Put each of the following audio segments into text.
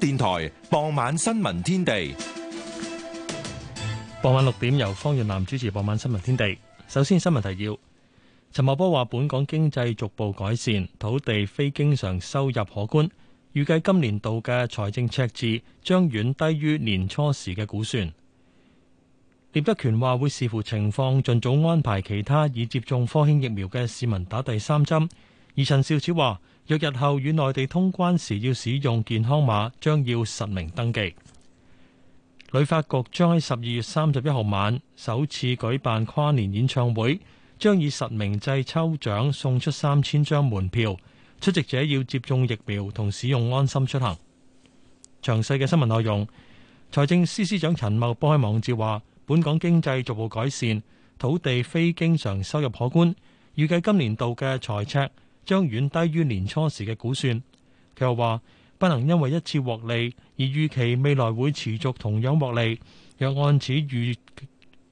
電台傍晚新聞天地，傍晚六點由方若南主持。傍晚新聞天,天地，首先新聞提要。陳茂波話，本港經濟逐步改善，土地非經常收入可觀，預計今年度嘅財政赤字將遠低於年初時嘅估算。聶德權話，會視乎情況，盡早安排其他已接種科興疫苗嘅市民打第三針。而陳肇始話：若日後與內地通關時要使用健康碼，將要實名登記。旅發局將喺十二月三十一號晚首次舉辦跨年演唱會，將以實名制抽獎送出三千張門票，出席者要接種疫苗同使用安心出行。詳細嘅新聞內容，財政司司長陳茂波喺網誌話：本港經濟逐步改善，土地非經常收入可觀，預計今年度嘅財赤。將遠低於年初時嘅估算。佢又話：不能因為一次獲利而預期未來會持續同樣獲利。若按此預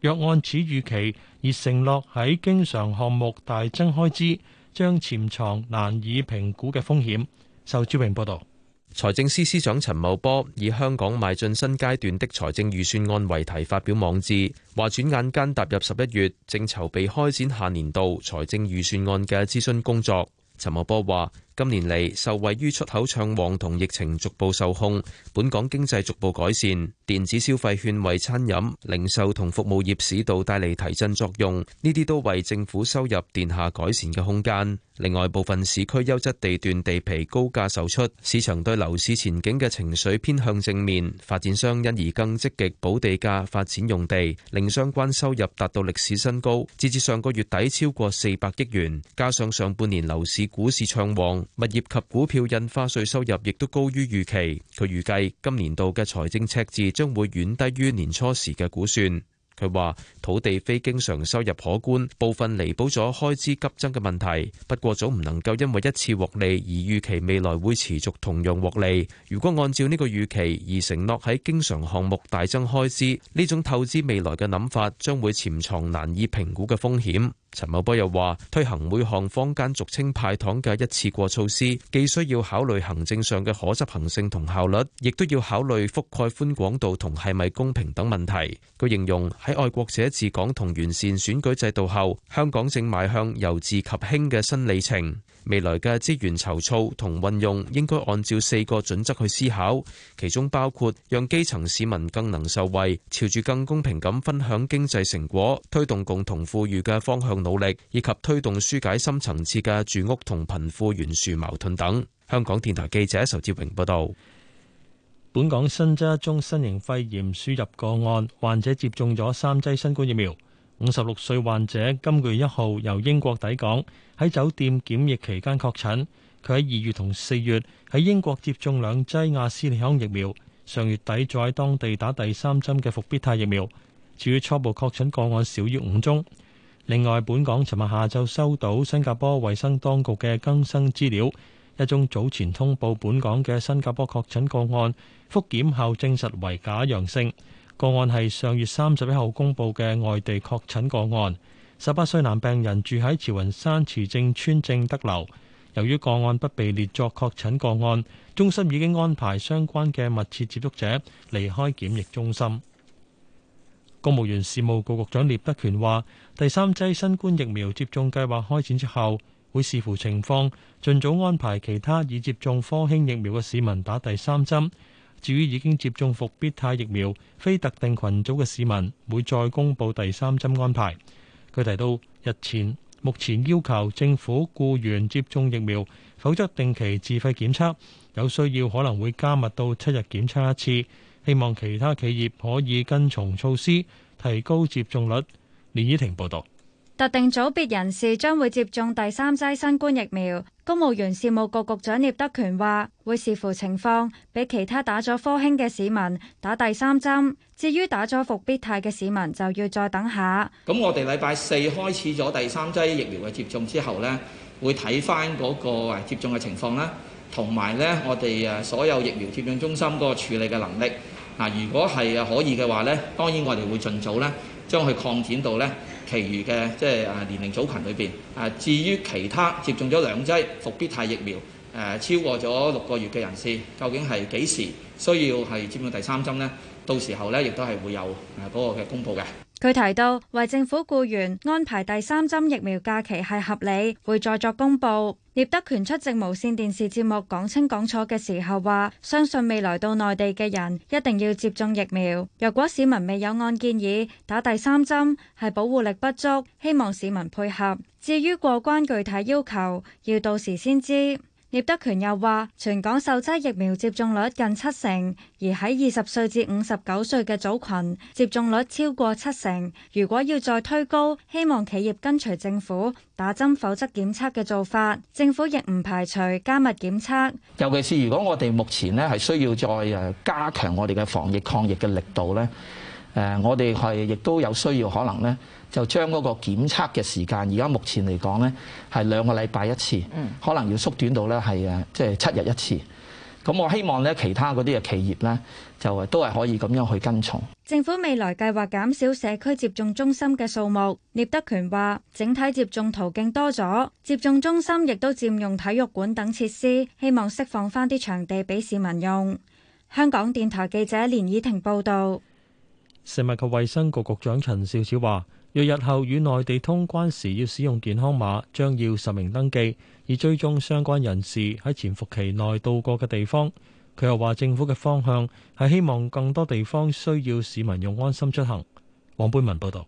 若按此預期而承諾喺經常項目大增開支，將潛藏難以評估嘅風險。受朱榮報導。財政司司長陳茂波以香港邁進新階段的財政預算案為題發表網誌，話轉眼間踏入十一月，正籌備開展下年度財政預算案嘅諮詢工作。陳茂波話：今年嚟受惠於出口暢旺同疫情逐步受控，本港經濟逐步改善，電子消費券為餐飲零售同服務業市道帶嚟提振作用，呢啲都為政府收入殿下改善嘅空間，另外，部分市區優質地段地皮高價售出，市場對樓市前景嘅情緒偏向正面，發展商因而更積極補地價發展用地，令相關收入達到歷史新高。截至上個月底，超過四百億元，加上上半年樓市股市暢旺。物業及股票印花稅收入亦都高於預期。佢預計今年度嘅財政赤字將會遠低於年初時嘅估算。佢話土地非經常收入可觀，部分彌補咗開支急增嘅問題。不過總唔能夠因為一次獲利而預期未來會持續同樣獲利。如果按照呢個預期而承諾喺經常項目大增開支，呢種透支未來嘅諗法將會潛藏難以評估嘅風險。陳茂波又話：推行每項坊間俗稱派糖嘅一次過措施，既需要考慮行政上嘅可執行性同效率，亦都要考慮覆蓋寬廣度同係咪公平等問題。佢形容喺愛國者治港同完善選舉制度後，香港正邁向由治及興嘅新里程。未來嘅資源籌措同運用應該按照四個準則去思考，其中包括讓基層市民更能受惠，朝住更公平咁分享經濟成果，推動共同富裕嘅方向努力，以及推動疏解深層次嘅住屋同貧富懸殊矛盾等。香港電台記者仇志榮報道，本港新增一宗新型肺炎輸入個案，患者接種咗三劑新冠疫苗。五十六歲患者今月一號由英國抵港，喺酒店檢疫期間確診。佢喺二月同四月喺英國接種兩劑亞斯利康疫苗，上月底再喺當地打第三針嘅復必泰疫苗。至於初步確診個案少於五宗。另外，本港尋日下晝收到新加坡衞生當局嘅更新資料，一宗早前通報本港嘅新加坡確診個案，復檢後證實為假陽性。個案係上月三十一號公佈嘅外地確診個案，十八歲男病人住喺慈雲山慈正村正德樓。由於個案不被列作確診個案，中心已經安排相關嘅密切接觸者離開檢疫中心。公務員事務局局長聶德權話，第三劑新冠疫苗接種計劃開展之後，會視乎情況，盡早安排其他已接種科興疫苗嘅市民打第三針。至於已經接種復必泰疫苗非特定群組嘅市民，會再公布第三針安排。佢提到，日前目前要求政府雇員接種疫苗，否則定期自費檢測，有需要可能會加密到七日檢測一次。希望其他企業可以跟從措施，提高接種率。連綺婷報道。特定組別人士將會接種第三劑新冠疫苗。公務員事務局局長聶德權話，會視乎情況，俾其他打咗科興嘅市民打第三針。至於打咗復必泰嘅市民，就要再等下。咁我哋禮拜四開始咗第三劑疫苗嘅接種之後呢，會睇返嗰個接種嘅情況啦，同埋呢，我哋誒所有疫苗接種中心嗰個處理嘅能力。嗱，如果係啊可以嘅話呢，當然我哋會盡早咧，將佢擴展到呢。其餘嘅即係誒年齡組群裏邊啊，至於其他接種咗兩劑復必泰疫苗誒、啊，超過咗六個月嘅人士，究竟係幾時需要係接種第三針咧？到時候咧亦都係會有誒嗰個嘅公布嘅。佢提到，為政府僱員安排第三針疫苗假期係合理，會再作公佈。聶德權出席無綫電視節目講清講楚嘅時候話，相信未來到內地嘅人一定要接種疫苗。若果市民未有按建議打第三針，係保護力不足，希望市民配合。至於過關具體要求，要到時先知。聶德權又話：全港首針疫苗接種率近七成，而喺二十歲至五十九歲嘅組群接種率超過七成。如果要再推高，希望企業跟隨政府打針，否則檢測嘅做法。政府亦唔排除加密檢測，尤其是如果我哋目前咧係需要再誒加強我哋嘅防疫抗疫嘅力度咧，誒我哋係亦都有需要可能咧。就將嗰個檢測嘅時間，而家目前嚟講呢，係兩個禮拜一次，嗯、可能要縮短到呢，係誒，即係七日一次。咁我希望咧，其他嗰啲嘅企業呢，就都係可以咁樣去跟從政府。未來計劃減少社區接種中心嘅數目，聶德權話，整體接種途徑多咗，接種中心亦都佔用體育館等設施，希望釋放返啲場地俾市民用。香港電台記者連以婷報道。食物及衛生局局長陳肇始話。若日後與內地通關時要使用健康碼，將要實名登記，以追蹤相關人士喺潛伏期內到過嘅地方。佢又話，政府嘅方向係希望更多地方需要市民用安心出行。黃貝文報道。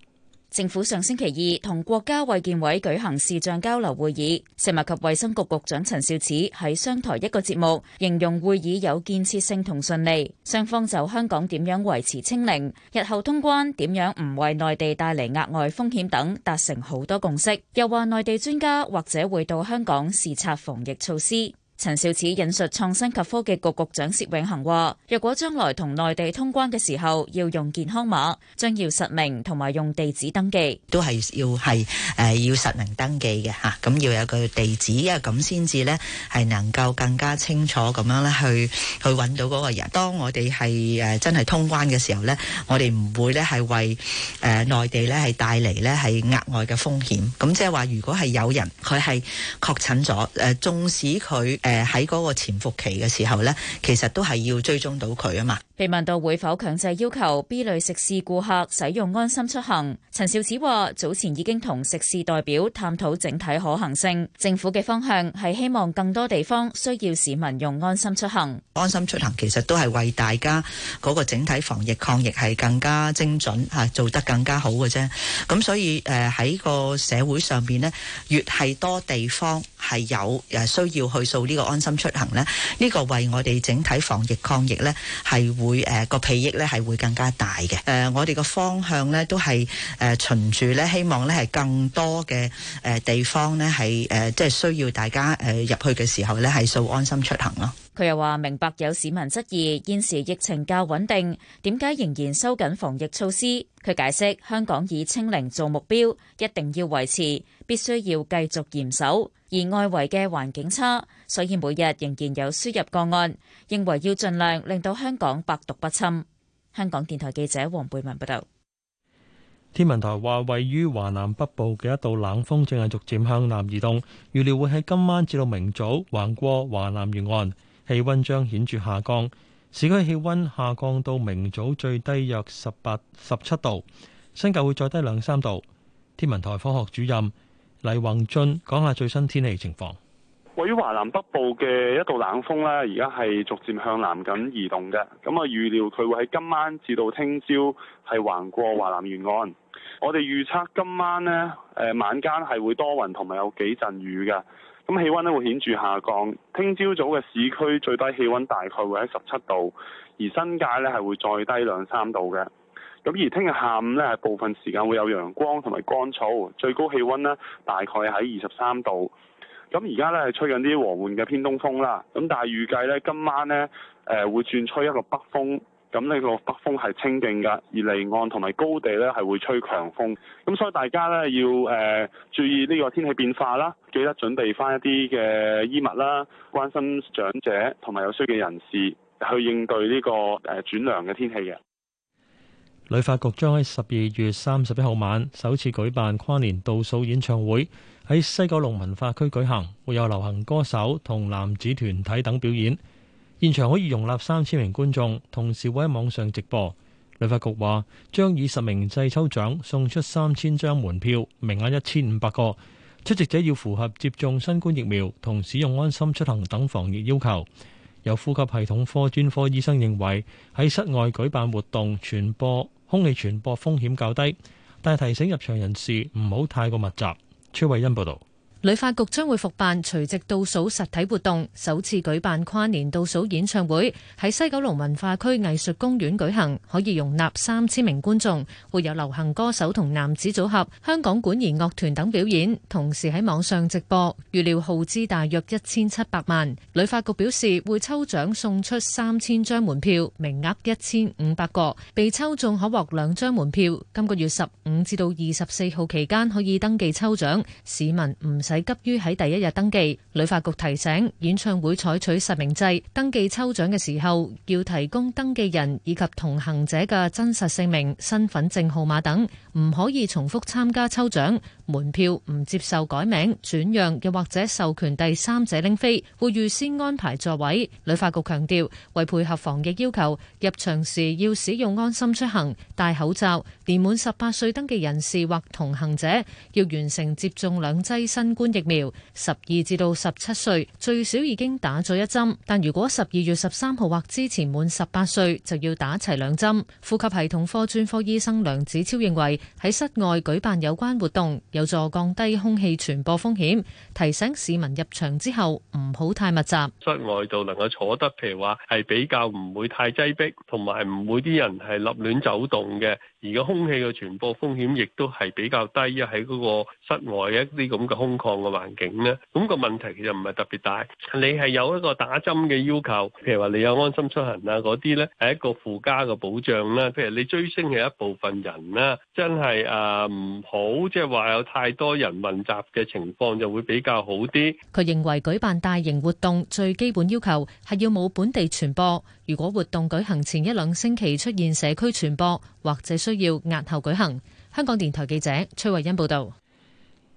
政府上星期二同國家衛健委舉行視像交流會議，食物及衛生局局長陳肇始喺商台一個節目形容會議有建設性同順利，雙方就香港點樣維持清零、日後通關點樣唔為內地帶嚟額外風險等達成好多共識，又話內地專家或者會到香港視察防疫措施。陳肇始引述創新及科技局局長薛永恒話，若果將來同內地通關嘅時候要用健康碼，將要實名同埋用地址登記，都係要係誒要實名登記嘅吓，咁要有個地址啊，咁先至咧係能夠更加清楚咁樣咧去去揾到嗰個人。當我哋係誒真係通關嘅時候咧，我哋唔會咧係為誒內地咧係帶嚟咧係額外嘅風險。咁即係話，如果係有人佢係確診咗，誒縱使佢。誒喺嗰個潛伏期嘅時候咧，其實都係要追蹤到佢啊嘛。被問到會否強制要求 B 類食肆顧客使用安心出行，陳肇始話：早前已經同食肆代表探討整體可行性。政府嘅方向係希望更多地方需要市民用安心出行。安心出行其實都係為大家嗰個整體防疫抗疫係更加精準，嚇，做得更加好嘅啫。咁所以誒喺個社會上邊呢，越係多地方係有誒需要去掃呢個安心出行呢，呢、呢個為我哋整體防疫抗疫呢係會。會誒個裨益咧係會更加大嘅，誒、呃、我哋個方向咧都係誒循住咧希望咧係更多嘅誒、呃、地方咧係誒即係需要大家誒、呃、入去嘅時候咧係掃安心出行咯。佢又話明白有市民質疑現時疫情較穩定，點解仍然收緊防疫措施？佢解釋香港以清零做目標，一定要維持，必須要繼續嚴守。而外圍嘅環境差，所以每日仍然有輸入個案。認為要盡量令到香港百毒不侵。香港電台記者黃貝文報道。天文台話，位於華南北部嘅一道冷鋒正係逐漸向南移動，預料會喺今晚至到明早橫過華南沿岸。氣温將顯著下降，市區氣温下降到明早最低約十八、十七度，新界會再低兩三度。天文台科學主任黎宏俊講下最新天氣情況。位於華南北部嘅一道冷鋒咧，而家係逐漸向南緊移動嘅，咁啊預料佢會喺今晚至到聽朝係橫過華南沿岸。我哋預測今晚呢，誒、呃、晚間係會多雲同埋有幾陣雨嘅，咁氣温呢會顯著下降。聽朝早嘅市區最低氣温大概會喺十七度，而新界呢係會再低兩三度嘅。咁而聽日下午呢，係部分時間會有陽光同埋乾燥，最高氣温呢大概喺二十三度。咁而家呢，係吹緊啲和緩嘅偏東風啦，咁但係預計呢，今晚呢誒、呃、會轉吹一個北風。咁呢個北風係清勁㗎，而離岸同埋高地呢係會吹強風，咁所以大家呢要誒、呃、注意呢個天氣變化啦，記得準備返一啲嘅衣物啦，關心長者同埋有需要嘅人士去應對呢、呢個誒、呃、轉涼嘅天氣嘅。旅發局將喺十二月三十一號晚首次舉辦跨年倒數演唱會，喺西九龍文化區舉行，會有流行歌手同男子團體等表演。現場可以容納三千名觀眾，同時會喺網上直播。旅發局話將以十名制抽獎送出三千張門票，名額一千五百個。出席者要符合接種新冠疫苗同使用安心出行等防疫要求。有呼吸系統科專科醫生認為喺室外舉辦活動，傳播空氣傳播風險較低，但提醒入場人士唔好太過密集。崔慧欣報導。旅發局將會復辦除夕倒數實體活動，首次舉辦跨年倒數演唱會，喺西九龍文化區藝術公園舉行，可以容納三千名觀眾，會有流行歌手同男子組合、香港管弦樂團等表演，同時喺網上直播。預料耗資大約一千七百萬。旅發局表示會抽獎送出三千張門票，名額一千五百個，被抽中可獲兩張門票。今個月十五至到二十四號期間可以登記抽獎，市民唔。使急於喺第一日登記，旅發局提醒，演唱會採取實名制，登記抽獎嘅時候，要提供登記人以及同行者嘅真實姓名、身份證號碼等，唔可以重複參加抽獎。門票唔接受改名、轉讓又或者授權第三者拎飛，會預先安排座位。旅發局強調，為配合防疫要求，入場時要使用安心出行、戴口罩。年滿十八歲登記人士或同行者要完成接種兩劑新冠疫苗。十二至到十七歲最少已經打咗一針，但如果十二月十三號或之前滿十八歲，就要打齊兩針。呼吸系統科專科醫生梁子超認為，喺室外舉辦有關活動。有助降低空氣傳播風險，提醒市民入場之後唔好太密集。室外度能夠坐得，譬如話係比較唔會太擠逼，同埋唔會啲人係立亂走動嘅。而個空氣嘅傳播風險亦都係比較低，因為喺嗰個室外一啲咁嘅空曠嘅環境咧。咁個問題其實唔係特別大。你係有一個打針嘅要求，譬如話你有安心出行啊嗰啲咧，係一個附加嘅保障啦。譬如你追星嘅一部分人啦，真係誒唔好，即係話有，太多人混雜嘅情況就會比較好啲。佢認為舉辦大型活動最基本要求係要冇本地傳播。如果活動舉行前一兩星期出現社區傳播，或者需要押後舉行。香港電台記者崔慧欣報道。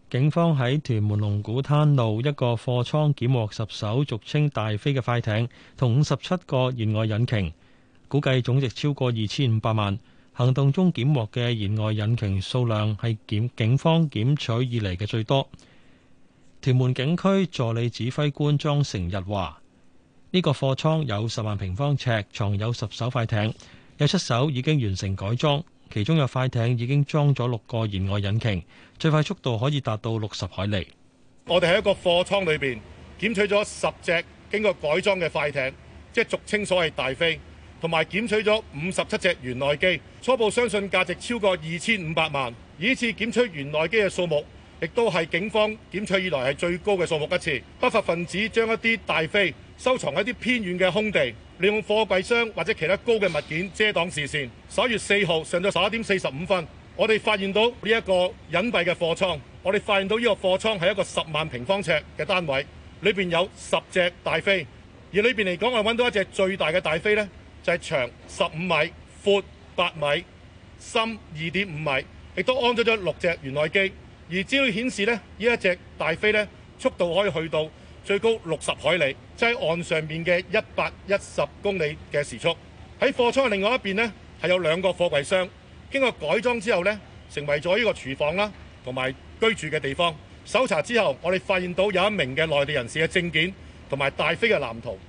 警方喺屯門龍鼓灘路一個貨倉檢獲十艘俗稱大飛嘅快艇同五十七個舷外引擎，估計總值超過二千五百萬。行動中檢獲嘅舷外引擎數量係檢警方檢取以嚟嘅最多。屯門警區助理指揮官莊成日話：呢、這個貨倉有十萬平方尺，藏有十艘快艇，有七艘已經完成改裝，其中有快艇已經裝咗六個舷外引擎，最快速度可以達到六十海里。我哋喺一個貨倉裏邊檢取咗十隻經過改裝嘅快艇，即係俗稱所謂大飛。同埋檢取咗五十七隻原內機，初步相信價值超過二千五百萬。此次檢取原內機嘅數目，亦都係警方檢取以來係最高嘅數目一次。不法分子將一啲大飛收藏喺啲偏遠嘅空地，利用貨櫃箱或者其他高嘅物件遮擋視線。十一月四號上晝十一點四十五分，我哋發現到呢一個隱蔽嘅貨倉。我哋發現到呢個貨倉係一個十萬平方尺嘅單位，裏邊有十隻大飛，而裏邊嚟講，我揾到一隻最大嘅大飛呢。就係長十五米、闊八米、深二點五米，亦都安裝咗六隻舷外機。而資料顯示呢，呢一隻大飛呢，速度可以去到最高六十海里，即係岸上面嘅一百一十公里嘅時速。喺貨倉另外一邊呢，係有兩個貨櫃箱，經過改裝之後呢，成為咗呢個廚房啦，同埋居住嘅地方。搜查之後，我哋發現到有一名嘅內地人士嘅證件同埋大飛嘅藍圖。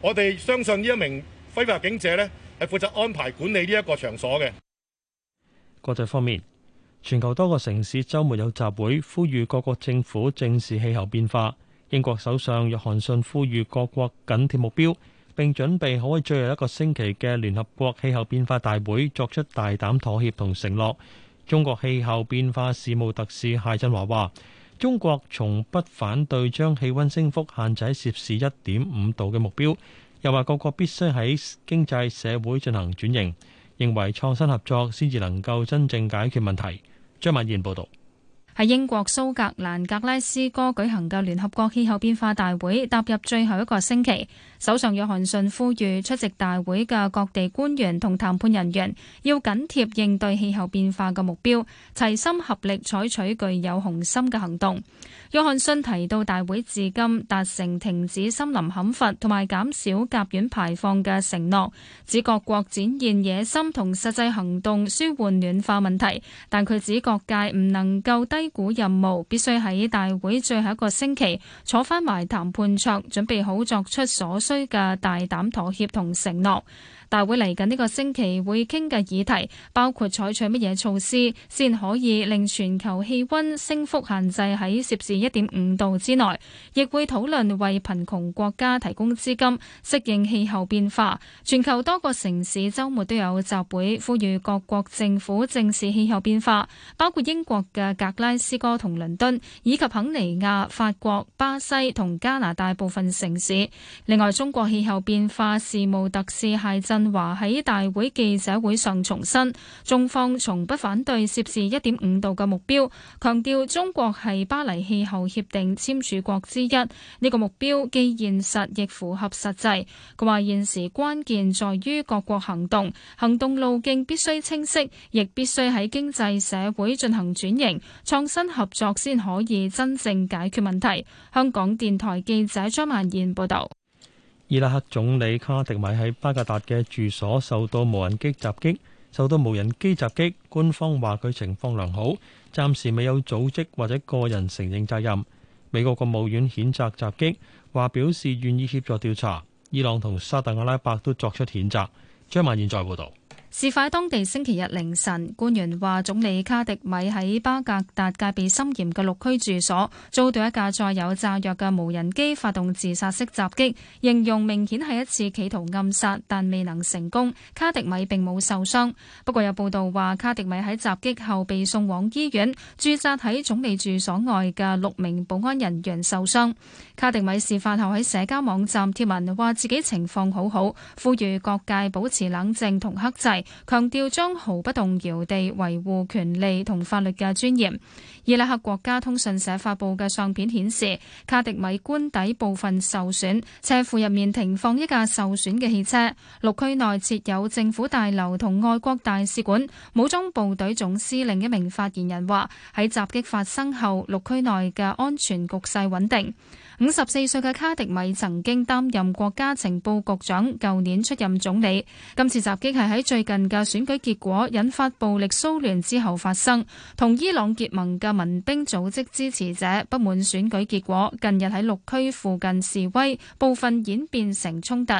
我哋相信呢一名。揮發警者呢，係負責安排管理呢一個場所嘅。國際方面，全球多個城市周末有集會呼籲各國政府正視氣候變化。英國首相約翰遜呼籲各國緊貼目標，並準備好喺最後一個星期嘅聯合國氣候變化大會作出大膽妥協同承諾。中國氣候變化事務特使謝振華話，中國從不反對將氣溫升幅限制喺攝氏一點五度嘅目標。又話各國必須喺經濟社會進行轉型，認為創新合作先至能夠真正解決問題。張敏燕報導。喺英國蘇格蘭格拉斯哥舉行嘅聯合國氣候變化大會踏入最後一個星期，首相約翰遜呼籲出席大會嘅各地官員同談判人員要緊貼應對氣候變化嘅目標，齊心合力採取具有雄心嘅行動。約翰遜提到，大會至今達成停止森林砍伐同埋減少甲烷排放嘅承諾，指各國展現野心同實際行動舒緩暖化問題，但佢指各界唔能夠低。呢股任務必須喺大會最後一個星期坐返埋談判桌，準備好作出所需嘅大膽妥協同承諾。大會嚟緊呢個星期會傾嘅議題包括採取乜嘢措施先可以令全球氣溫升幅限制喺攝氏一點五度之內，亦會討論為貧窮國家提供資金適應氣候變化。全球多個城市周末都有集會，呼籲各國政府正視氣候變化，包括英國嘅格拉斯哥同倫敦，以及肯尼亞、法國、巴西同加拿大部分城市。另外，中國氣候變化事務特使解振華喺大會記者會上重申，中方從不反對攝氏一點五度嘅目標，強調中國係巴黎氣候協定簽署國之一，呢個目標既現實亦符合實際。佢話現時關鍵在於各國行動，行動路徑必須清晰，亦必須喺經濟社會進行轉型、創新合作，先可以真正解決問題。香港電台記者張曼燕報道。伊拉克總理卡迪米喺巴格達嘅住所受到無人機襲擊，受到無人機襲擊，官方話佢情況良好，暫時未有組織或者個人承認責任。美國國務院譴責襲擊，話表示願意協助調查。伊朗同沙特阿拉伯都作出譴責。張曼現在報導。事發當地星期日凌晨，官員話總理卡迪米喺巴格達戒備森嚴嘅綠區住所遭到一架載有炸藥嘅無人機發動自殺式襲擊，形容明顯係一次企圖暗殺，但未能成功。卡迪米並冇受傷，不過有報道話卡迪米喺襲擊後被送往醫院。駐紮喺總理住所外嘅六名保安人員受傷。卡迪米事發後喺社交網站貼文話自己情況好好，呼籲各界保持冷靜同克制。強調將毫不動搖地維護權利同法律嘅尊嚴。伊拉克國家通訊社發佈嘅相片顯示，卡迪米官邸部分受損，車庫入面停放一架受損嘅汽車。六區內設有政府大樓同外國大使館。武裝部隊總司令一名發言人話：喺襲擊發生後，六區內嘅安全局勢穩定。五十四歲嘅卡迪米曾經擔任國家情報局長，舊年出任總理。今次襲擊係喺最近嘅選舉結果引發暴力騷亂之後發生。同伊朗結盟嘅民兵組織支持者不滿選舉結果，近日喺綠區附近示威，部分演變成衝突。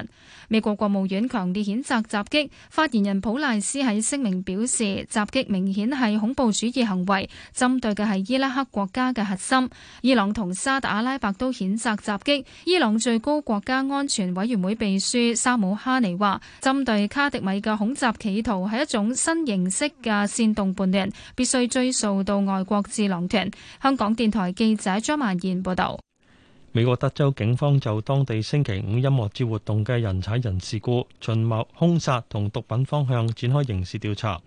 美國國務院強烈譴責襲擊，發言人普賴斯喺聲明表示：襲擊明顯係恐怖主義行為，針對嘅係伊拉克國家嘅核心。伊朗同沙特阿拉伯都顯恐襲襲擊，伊朗最高國家安全委員會秘書沙姆哈尼話，針對卡迪米嘅恐襲企圖係一種新形式嘅煽動叛亂，必須追溯到外國智囊團。香港電台記者張曼燕報道。美國德州警方就當地星期五音樂節活動嘅人踩人事故，尋謀兇殺同毒品方向展開刑事調查。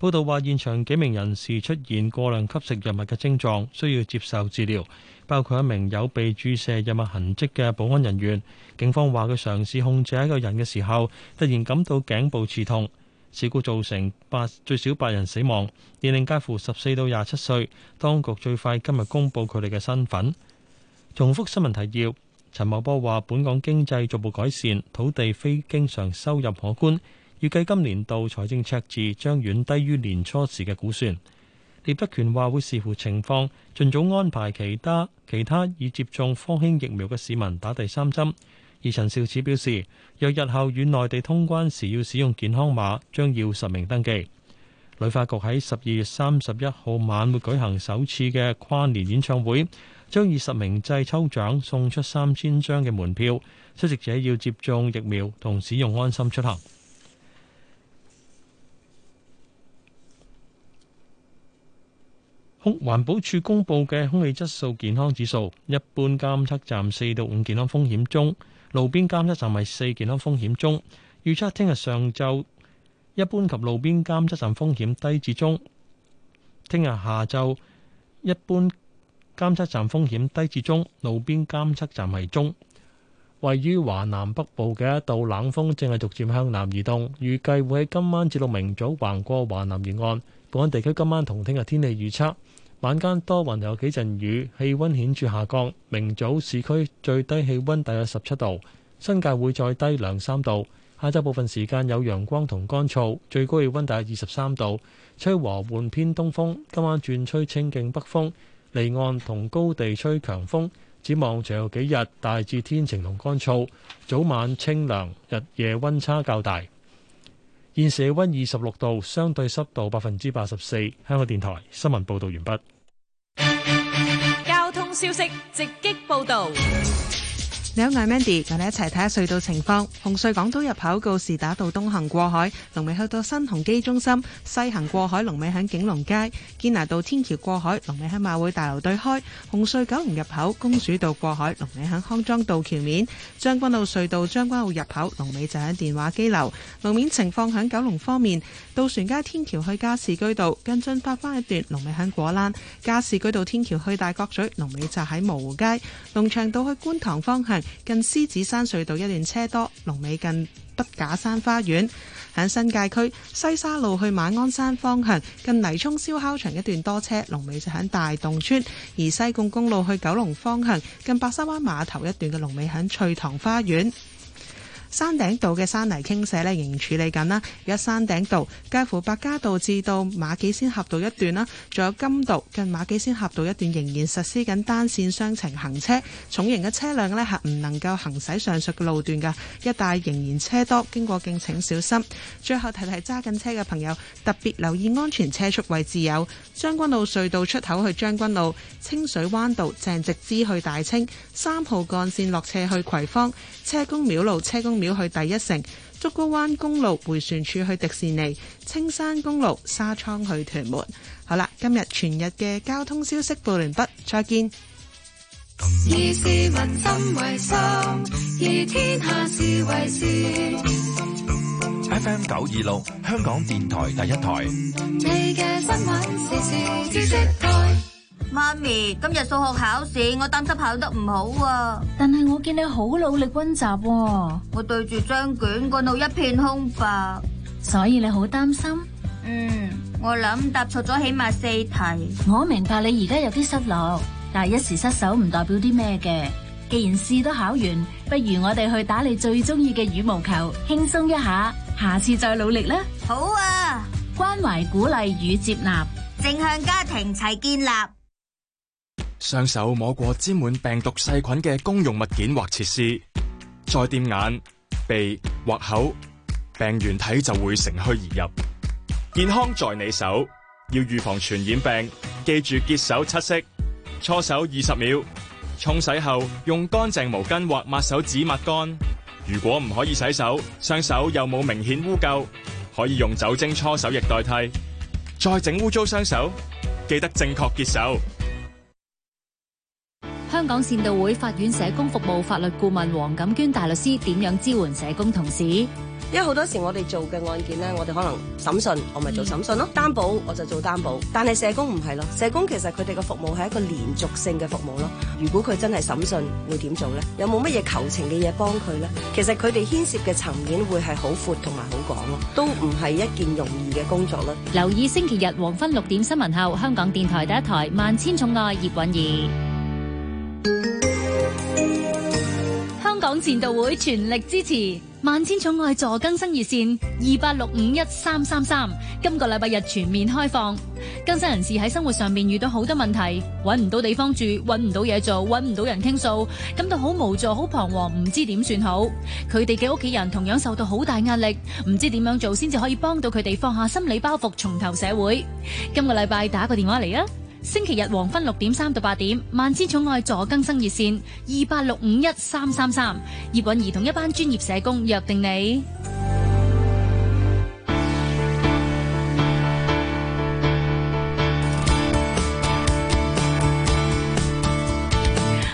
報道話，現場幾名人士出現過量吸食藥物嘅症狀，需要接受治療，包括一名有被注射藥物痕跡嘅保安人員。警方話，佢嘗試控制一個人嘅時候，突然感到頸部刺痛。事故造成八，最少八人死亡，年齡介乎十四到廿七歲。當局最快今日公布佢哋嘅身份。重複新聞提要：陳茂波話，本港經濟逐步改善，土地非經常收入可觀。預計今年度財政赤字將遠低於年初時嘅估算。聶德權話，會視乎情況，盡早安排其他其他已接種科興疫苗嘅市民打第三針。而陳肇始表示，若日後與內地通關時要使用健康碼，將要實名登記。旅發局喺十二月三十一號晚會舉行首次嘅跨年演唱會，將以實名制抽獎送出三千張嘅門票。出席者要接種疫苗同使用安心出行。空環保署公佈嘅空氣質素健康指數，一般監測站四到五健康風險中，路邊監測站係四健康風險中。預測聽日上晝一般及路邊監測站風險低至中，聽日下晝一般監測站風險低至中，路邊監測站係中。位於華南北部嘅一道冷鋒正係逐漸向南移動，預計會喺今晚至到明早橫過華南沿岸本地區。今晚同聽日天氣預測。晚間多雲有幾陣雨，氣溫顯著下降。明早市區最低氣溫大約十七度，新界會再低兩三度。下晝部分時間有陽光同乾燥，最高氣溫大約二十三度，吹和緩偏東風。今晚轉吹清勁北風，離岸同高地吹強風。展望隨後幾日大致天晴同乾燥，早晚清涼，日夜温差較大。現時氣溫二十六度，相對濕度百分之八十四。香港電台新聞報道完畢。交通消息，直擊報道。你好，我 Mandy，我哋一齊睇下隧道情況。紅隧港島入口告示打道東行過海，龍尾去到新鴻基中心；西行過海，龍尾響景隆街。堅拿道天橋過海，龍尾響馬會大樓對開。紅隧九龍入口公主道過海，龍尾響康莊道橋面。將軍澳隧道將軍澳，澳入口，龍尾就喺電話機樓。路面情況響九龍方面，渡船街天橋去加士居道跟駿發灣一段，龍尾響果欄。加士居道天橋去大角咀，龍尾就喺模湖街。龍翔道去觀塘方向。近獅子山隧道一段車多，龍尾近畢架山花園；喺新界區西沙路去馬鞍山方向，近泥涌燒烤場一段多車，龍尾就喺大洞村；而西貢公路去九龍方向，近白沙灣碼頭一段嘅龍尾喺翠塘花園。山頂道嘅山泥傾瀉呢，仍然處理緊啦，而家山頂道介乎百家道至到馬己仙峽道一段啦，仲有金道近馬己仙峽道一段仍然實施緊單線雙程行車，重型嘅車輛呢，係唔能夠行駛上述嘅路段嘅，一帶仍然車多，經過敬請小心。最後提提揸緊車嘅朋友，特別留意安全車速位置，有將軍澳隧道出口去將軍澳、清水灣道鄭直之去大清、三號幹線落斜去葵芳、車公廟路車公車秒去第一城，竹篙灣公路回旋處去迪士尼，青山公路沙涌去屯門。好啦，今日全日嘅交通消息報完畢，再見。以市民心為心，以天下事為事。FM 九二六， 26，香港電台第一台。你嘅新聞時事知識台。媽咪，今日數學考試，我擔心考得唔好啊。但係我見你好努力溫習啊。我對住張卷，個腦一片空白，所以你好擔心？嗯，我諗答錯咗起碼四題。我明白你而家有啲失落，但係一時失手唔代表啲咩嘅。既然試都考完，不如我哋去打你最中意嘅羽毛球，輕鬆一下，下次再努力啦。好啊，關懷、鼓勵與接納，正向家庭齊建立。雙手摸過沾滿病毒細菌嘅公用物件或設施，再掂眼、鼻或口，病原體就會乘虛而入。健康在你手，要預防傳染病，記住潔手七式。搓手二十秒，沖洗後用乾淨毛巾或抹手紙抹乾。如果唔可以洗手，雙手又冇明顯污垢，可以用酒精搓手液代替。再整污糟雙手，記得正確潔手。香港善道會法院社工服務法律顧問黃錦娟大律師，點樣支援社工同事？因為好多時我哋做嘅案件咧，我哋可能審訊，我咪做審訊咯；嗯、擔保，我就做擔保。但係社工唔係咯，社工其實佢哋嘅服務係一個連續性嘅服務咯。如果佢真係審訊，會點做呢？有冇乜嘢求情嘅嘢幫佢呢？其實佢哋牽涉嘅層面會係好闊同埋好廣咯，都唔係一件容易嘅工作咯。留意星期日黃昏六點新聞後，香港電台第一台萬千寵愛葉蘊儀。香港善導會全力支持萬千寵愛助更生熱線二八六五一三三三，33，今個禮拜日全面開放。更生人士喺生活上面遇到好多問題，搵唔到地方住，搵唔到嘢做，搵唔到，到人傾訴，感到好無助、好彷徨，唔知點算好。佢哋嘅屋企人同樣受到好大壓力，唔知點樣做先至可以幫到佢哋放下心理包袱，重投社會。今個禮拜打個電話嚟啊！星期日黃昏六點三到八點，萬千寵愛助更生熱線二八六五一三三三，葉蘊儀同一班專業社工約定你。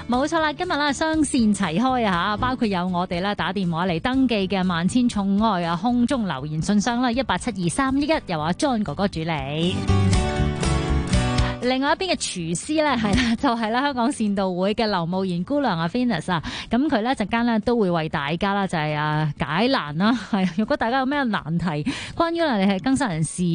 冇錯啦，今日啦雙線齊開啊，包括有我哋啦打電話嚟登記嘅萬千寵愛嘅空中留言信箱啦，一八七二三一一，由阿 John 哥哥主理。另外一邊嘅廚師咧，係啦，就係、是、啦，香港善導會嘅劉慕賢姑娘啊 Venus, 啊，咁佢咧陣間咧都會為大家啦，就係、是、啊解難啦，係。 如果大家有咩難題，關於於咧係更生人士。